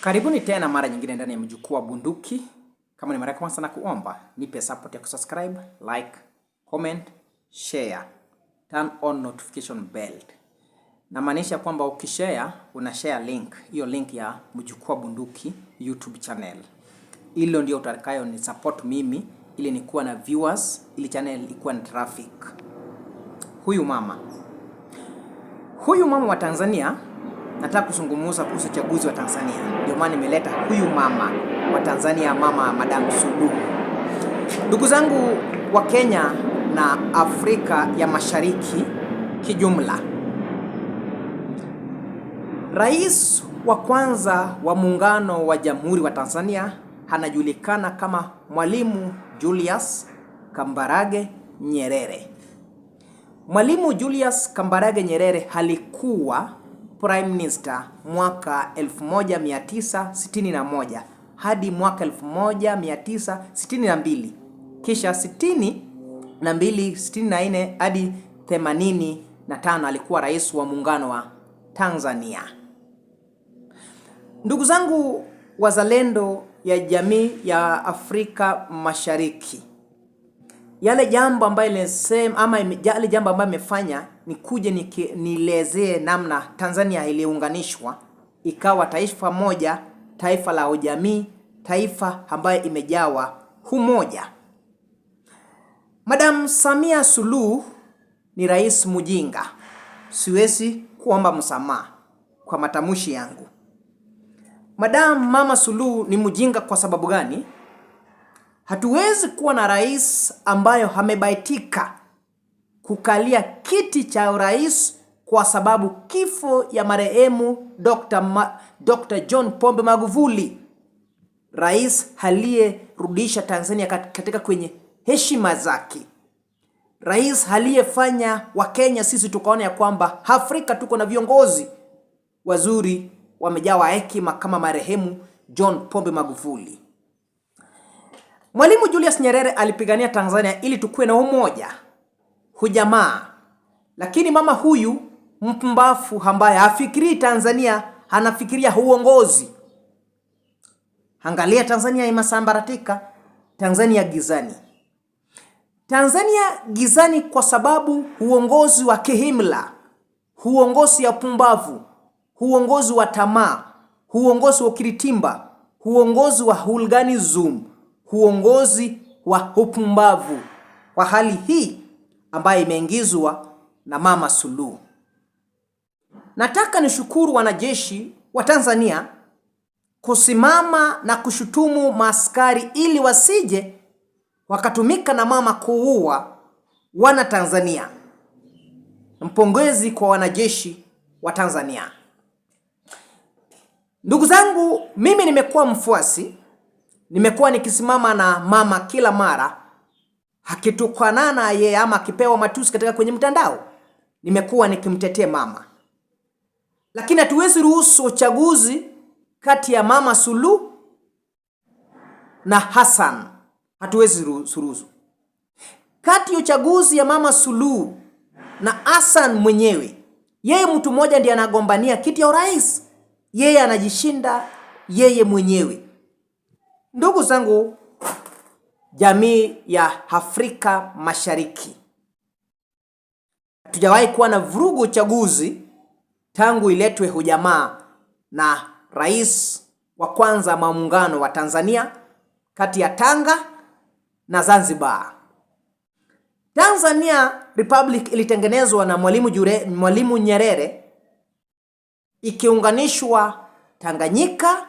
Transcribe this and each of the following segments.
Karibuni tena mara nyingine ndani ya Mjukuu Bunduki. Kama ni mara yako sana, kuomba nipe support ya kusubscribe, like, comment, share, turn on notification bell. Na kwamba ukishare una share link, hiyo link ya Mjukuu Bunduki YouTube channel. Hilo ndio utakayo ni support mimi ili nikuwa na viewers, ili channel ikuwa na traffic. Huyu mama. Huyu mama wa Tanzania nataka kuzungumza kuhusu uchaguzi wa Tanzania. Ndio maana nimeleta huyu mama wa Tanzania, mama Madam Suluhu. Ndugu zangu wa Kenya na Afrika ya Mashariki kijumla, rais wa kwanza wa muungano wa jamhuri wa Tanzania anajulikana kama Mwalimu Julius Kambarage Nyerere. Mwalimu Julius Kambarage Nyerere alikuwa prime minister mwaka 1961 hadi mwaka 1962, kisha 62 64 hadi 85 alikuwa rais wa muungano wa Tanzania. Ndugu zangu wazalendo ya jamii ya Afrika Mashariki, yale jambo ambayo nilisema ama yale jambo ambayo imefanya nikuje nielezee namna Tanzania iliunganishwa ikawa taifa moja, taifa la ujamii, taifa ambayo imejawa umoja. Madam Samia Suluhu ni rais mujinga siwezi kuomba msamaha kwa matamshi yangu. Madam Mama Suluhu ni mjinga kwa sababu gani? Hatuwezi kuwa na rais ambayo amebaitika kukalia kiti cha urais kwa sababu kifo ya marehemu Dr. Ma, Dr. John Pombe Magufuli, rais aliyerudisha Tanzania katika kwenye heshima zake, rais aliyefanya Wakenya sisi tukaona ya kwamba Afrika tuko na viongozi wazuri wamejawa hekima kama marehemu John Pombe Magufuli. Mwalimu Julius Nyerere alipigania Tanzania ili tukuwe na umoja, hujamaa, lakini mama huyu mpumbafu ambaye hafikirii Tanzania, anafikiria uongozi. Angalia Tanzania imesambaratika, Tanzania gizani, Tanzania gizani kwa sababu uongozi wa kihimla, uongozi ya pumbavu, uongozi wa tamaa, uongozi wa kiritimba, uongozi wa hulganism uongozi wa upumbavu wa hali hii ambayo imeingizwa na Mama Suluhu. Nataka nishukuru wanajeshi wa Tanzania kusimama na kushutumu maaskari ili wasije wakatumika na mama kuua wana Tanzania. Mpongezi kwa wanajeshi wa Tanzania. Ndugu zangu, mimi nimekuwa mfuasi Nimekuwa nikisimama na mama kila mara akitukanana yeye ama akipewa matusi katika kwenye mtandao, nimekuwa nikimtetea mama, lakini hatuwezi ruhusu uchaguzi kati ya mama Sulu na Hassan, hatuwezi ruhusu kati ya uchaguzi ya mama Sulu na Hassan mwenyewe. Yeye mtu mmoja ndiye anagombania kiti ya urais, yeye anajishinda yeye mwenyewe. Ndugu zangu, jamii ya Afrika Mashariki, hatujawahi kuwa na vurugu uchaguzi tangu iletwe hujamaa na rais wa kwanza wa muungano wa Tanzania kati ya Tanga na Zanzibar. Tanzania Republic ilitengenezwa na Mwalimu Jure, Mwalimu Nyerere ikiunganishwa Tanganyika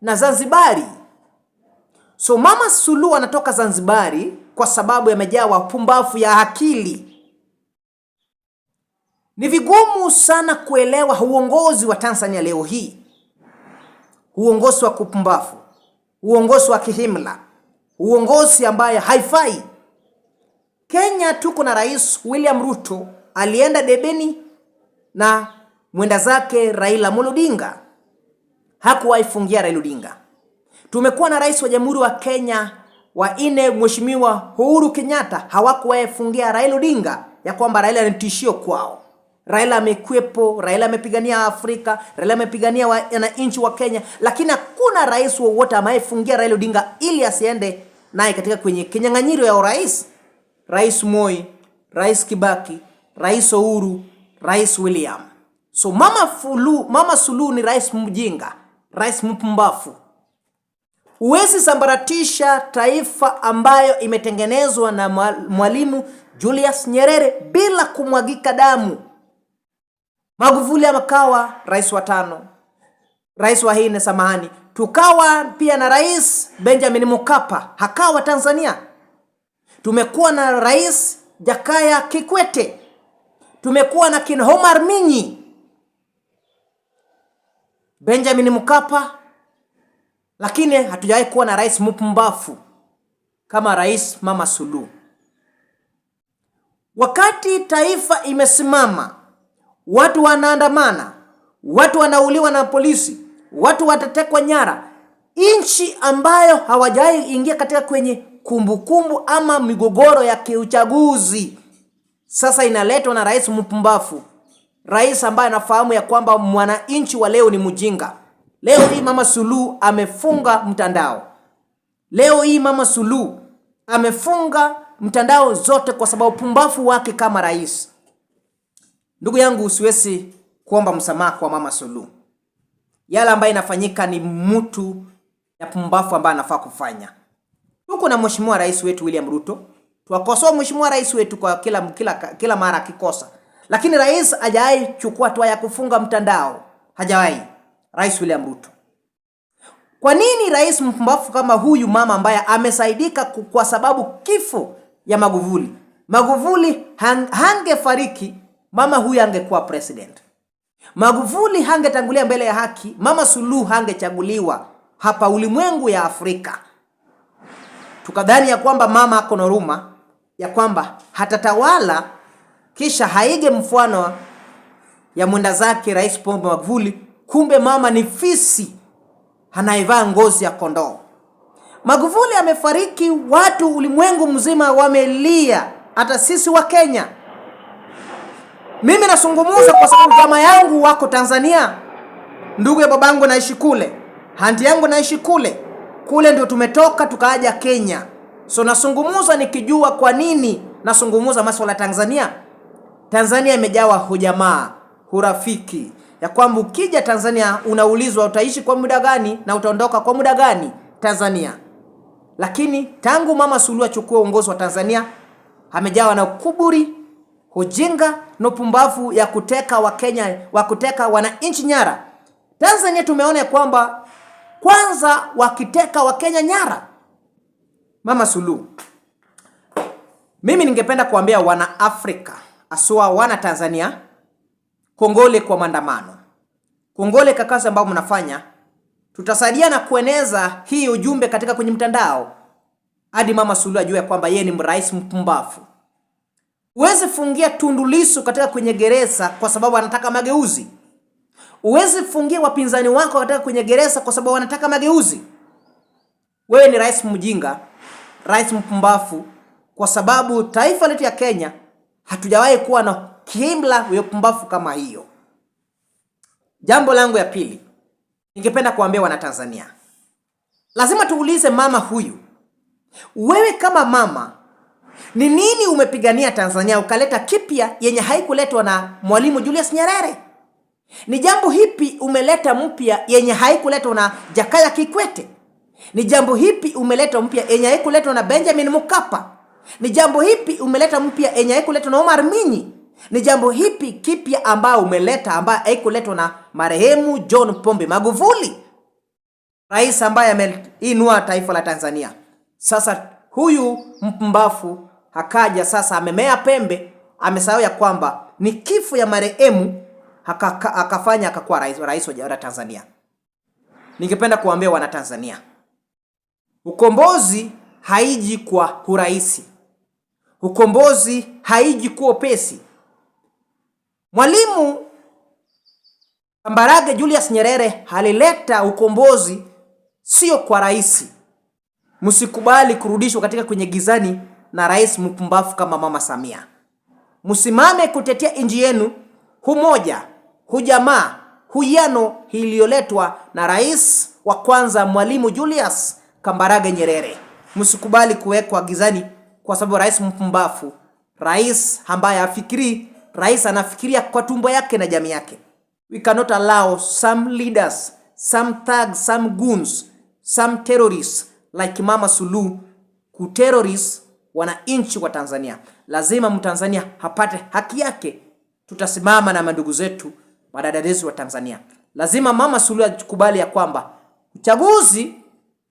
na Zanzibari So Mama Suluhu anatoka Zanzibari kwa sababu yamejaa wapumbavu ya akili. Ni vigumu sana kuelewa uongozi wa Tanzania leo hii, uongozi wa kupumbavu, uongozi wa kihimla, uongozi ambaye haifai. Kenya tuko na Rais William Ruto alienda debeni na mwenda zake Raila Amolo Odinga, hakuwahi fungia Raila Odinga Tumekuwa na rais wa Jamhuri wa Kenya wa nne Mheshimiwa Uhuru Kenyatta, hawakuwahi Raila Odinga ya kwamba Raila ni tishio kwao. Raila amekwepo, Raila amepigania Afrika, Raila amepigania wananchi wa Kenya, lakini hakuna rais wowote anayefungia Raila Odinga ili asiende naye katika kwenye kinyang'anyiro ya urais. Rais Moi, Rais Kibaki, Rais Uhuru, Rais William. So mama Fulu, mama Suluhu ni rais mjinga, rais mpumbafu. Huwezi sambaratisha taifa ambayo imetengenezwa na Mwalimu Julius Nyerere bila kumwagika damu. Magufuli amakawa rais wa tano, rais wa nne, samahani. Tukawa pia na rais Benjamin Mkapa, hakawa Tanzania. Tumekuwa na rais Jakaya Kikwete, tumekuwa na kin Omar Minyi, Benjamin Mkapa lakini hatujawahi kuwa na rais mpumbafu kama Rais Mama Suluhu. Wakati taifa imesimama, watu wanaandamana, watu wanauliwa na polisi, watu watatekwa nyara, nchi ambayo hawajawahi ingia katika kwenye kumbukumbu kumbu ama migogoro ya kiuchaguzi, sasa inaletwa na rais mpumbafu, rais ambaye anafahamu ya kwamba mwananchi wa leo ni mjinga. Leo hii mama Suluhu amefunga mtandao. Leo hii mama Suluhu amefunga mtandao zote kwa sababu pumbafu wake kama rais. Ndugu yangu, usiwezi kuomba msamaha kwa mama Suluhu. Yale ambayo inafanyika ni mtu ya pumbafu ambaye anafaa kufanya. Tuko na mheshimiwa rais wetu William Ruto, tuwakosoa mheshimiwa rais wetu kwa kila, kila, kila mara akikosa, lakini rais hajawahi chukua hatua ya kufunga mtandao, hajawahi. Rais William Ruto. Kwa nini rais mpumbafu kama huyu mama ambaye amesaidika kwa sababu kifo ya Magufuli? Magufuli hangefariki, mama huyu angekuwa president. Magufuli hangetangulia mbele ya haki, mama Suluhu hangechaguliwa hapa ulimwengu ya Afrika. Tukadhani ya kwamba mama ako na huruma, ya kwamba hatatawala kisha haige mfano ya mwenda zake Rais Pombe Magufuli kumbe mama ni fisi anayevaa ngozi ya kondoo. Magufuli amefariki, watu ulimwengu mzima wamelia, hata sisi wa Kenya. Mimi nasungumuza kwa sababu jamaa yangu wako Tanzania, ndugu ya babangu naishi kule, hanti yangu naishi kule, kule ndio tumetoka tukaja Kenya. So nasungumuza nikijua kwa nini nasungumuza masuala ya Tanzania. Tanzania imejawa hujamaa, hurafiki ya kwamba ukija Tanzania unaulizwa utaishi kwa muda gani na utaondoka kwa muda gani Tanzania. Lakini tangu Mama Suluhu achukue uongozi wa Tanzania amejawa na ukuburi, ujinga na pumbavu ya kuteka Wakenya, wa kuteka wananchi nyara. Tanzania tumeona kwamba kwanza wakiteka Wakenya nyara Mama Suluhu. Mimi ningependa kuambia wana Afrika, aswa wana Tanzania kongole kwa maandamano, kongole kwa kazi ambayo mnafanya. Tutasaidiana kueneza hii ujumbe katika kwenye mtandao hadi Mama Suluhu ajue kwamba yeye ni mrais mpumbafu. Uwezi fungia Tundu Lissu katika kwenye gereza kwa sababu anataka mageuzi. Uwezi fungia wapinzani wako katika kwenye gereza kwa sababu wanataka mageuzi. Wewe ni rais mjinga, rais mpumbafu, kwa sababu taifa letu ya Kenya hatujawahi kuwa na kiimla ya pumbafu kama hiyo. Jambo langu ya pili, ningependa kuambia Tanzania, lazima tuulize mama huyu, wewe kama mama, ni nini umepigania Tanzania ukaleta kipya yenye haikuletwa na Mwalimu Julius Nyerere? Ni jambo hipi umeleta mpya yenye haikuletwa na Jakaya Kikwete? Ni jambo hipi umeleta mpya yenye haikuletwa na Benjamin Mkapa? Ni jambo hipi umeleta mpya yenye haikuletwa na Omar Minyi? Ni jambo hipi kipya ambayo umeleta ambayo haikuletwa na marehemu John Pombe Magufuli, rais ambaye ameinua taifa la Tanzania. Sasa huyu mpumbafu akaja sasa, amemea pembe, amesahau ya kwamba ni kifo ya marehemu haka, akafanya akakuwa rais, rais wa jamhuri ya Tanzania. Ningependa kuambia wana Tanzania, ukombozi haiji kwa urahisi, ukombozi haiji kwa upesi. Mwalimu Kambarage Julius Nyerere alileta ukombozi, sio kwa rais. Msikubali kurudishwa katika kwenye gizani na rais mpumbavu kama Mama Samia. Msimame kutetea nchi yenu, humoja, hujamaa, huyano iliyoletwa na rais wa kwanza Mwalimu Julius Kambarage Nyerere. Msikubali kuwekwa gizani kwa sababu rais mpumbavu, rais ambaye afikiri rais anafikiria kwa tumbo yake na jamii yake. We cannot allow some leaders, some thugs, some goons, some terrorists like Mama Suluhu kuterrorist wananchi wa Tanzania. Lazima Mtanzania hapate haki yake. Tutasimama na mandugu zetu zetu wa Tanzania. Lazima Mama Sulu akubali ya kwamba uchaguzi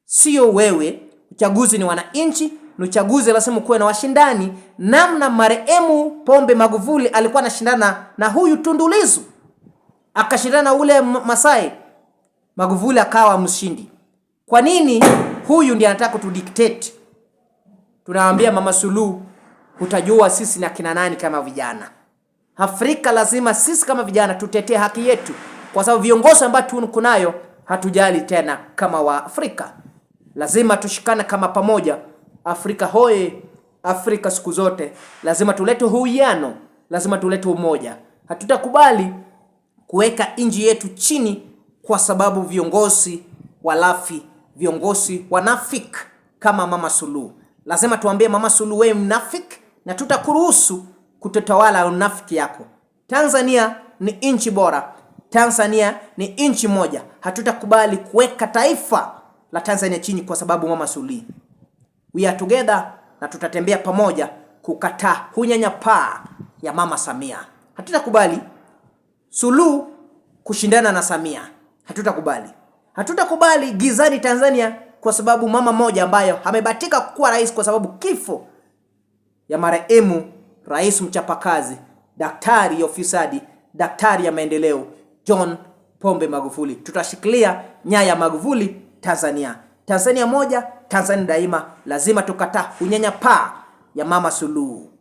sio wewe, uchaguzi ni wananchi ni uchaguzi lazima kuwe na washindani, namna marehemu Pombe Magufuli alikuwa anashindana na huyu Tundu Lissu, akashindana na ule Masai, Magufuli akawa mshindi. Kwa nini? Huyu ndiye anataka kutudictate? Tunawaambia Mama Suluhu, utajua sisi na kina nani kama vijana Afrika. Lazima sisi kama vijana tutetee haki yetu, kwa sababu viongozi ambao tunayo hatujali tena kama Waafrika. Lazima tushikane kama pamoja Afrika hoye, Afrika siku zote. Lazima tulete uhuiano, lazima tulete umoja. Hatutakubali kuweka nchi yetu chini kwa sababu viongozi walafi, viongozi wanafik kama Mama Suluhu. Lazima tuambie Mama Suluhu, wewe mnafik, na tutakuruhusu kutotawala unafiki yako. Tanzania ni nchi bora, Tanzania ni nchi moja. Hatutakubali kuweka taifa la Tanzania chini kwa sababu Mama Suluhu we are together na tutatembea pamoja kukataa hunyanyapaa ya mama Samia. Hatutakubali Suluhu kushindana na Samia, hatutakubali, hatutakubali gizani Tanzania kwa sababu mama moja ambayo amebatika kuwa rais kwa sababu kifo ya marehemu rais mchapakazi, daktari ya ufisadi, daktari ya maendeleo John Pombe Magufuli. Tutashikilia nyaya Magufuli Tanzania, Tanzania moja Tanzania Daima lazima tukataa unyanyapaa ya Mama Suluhu.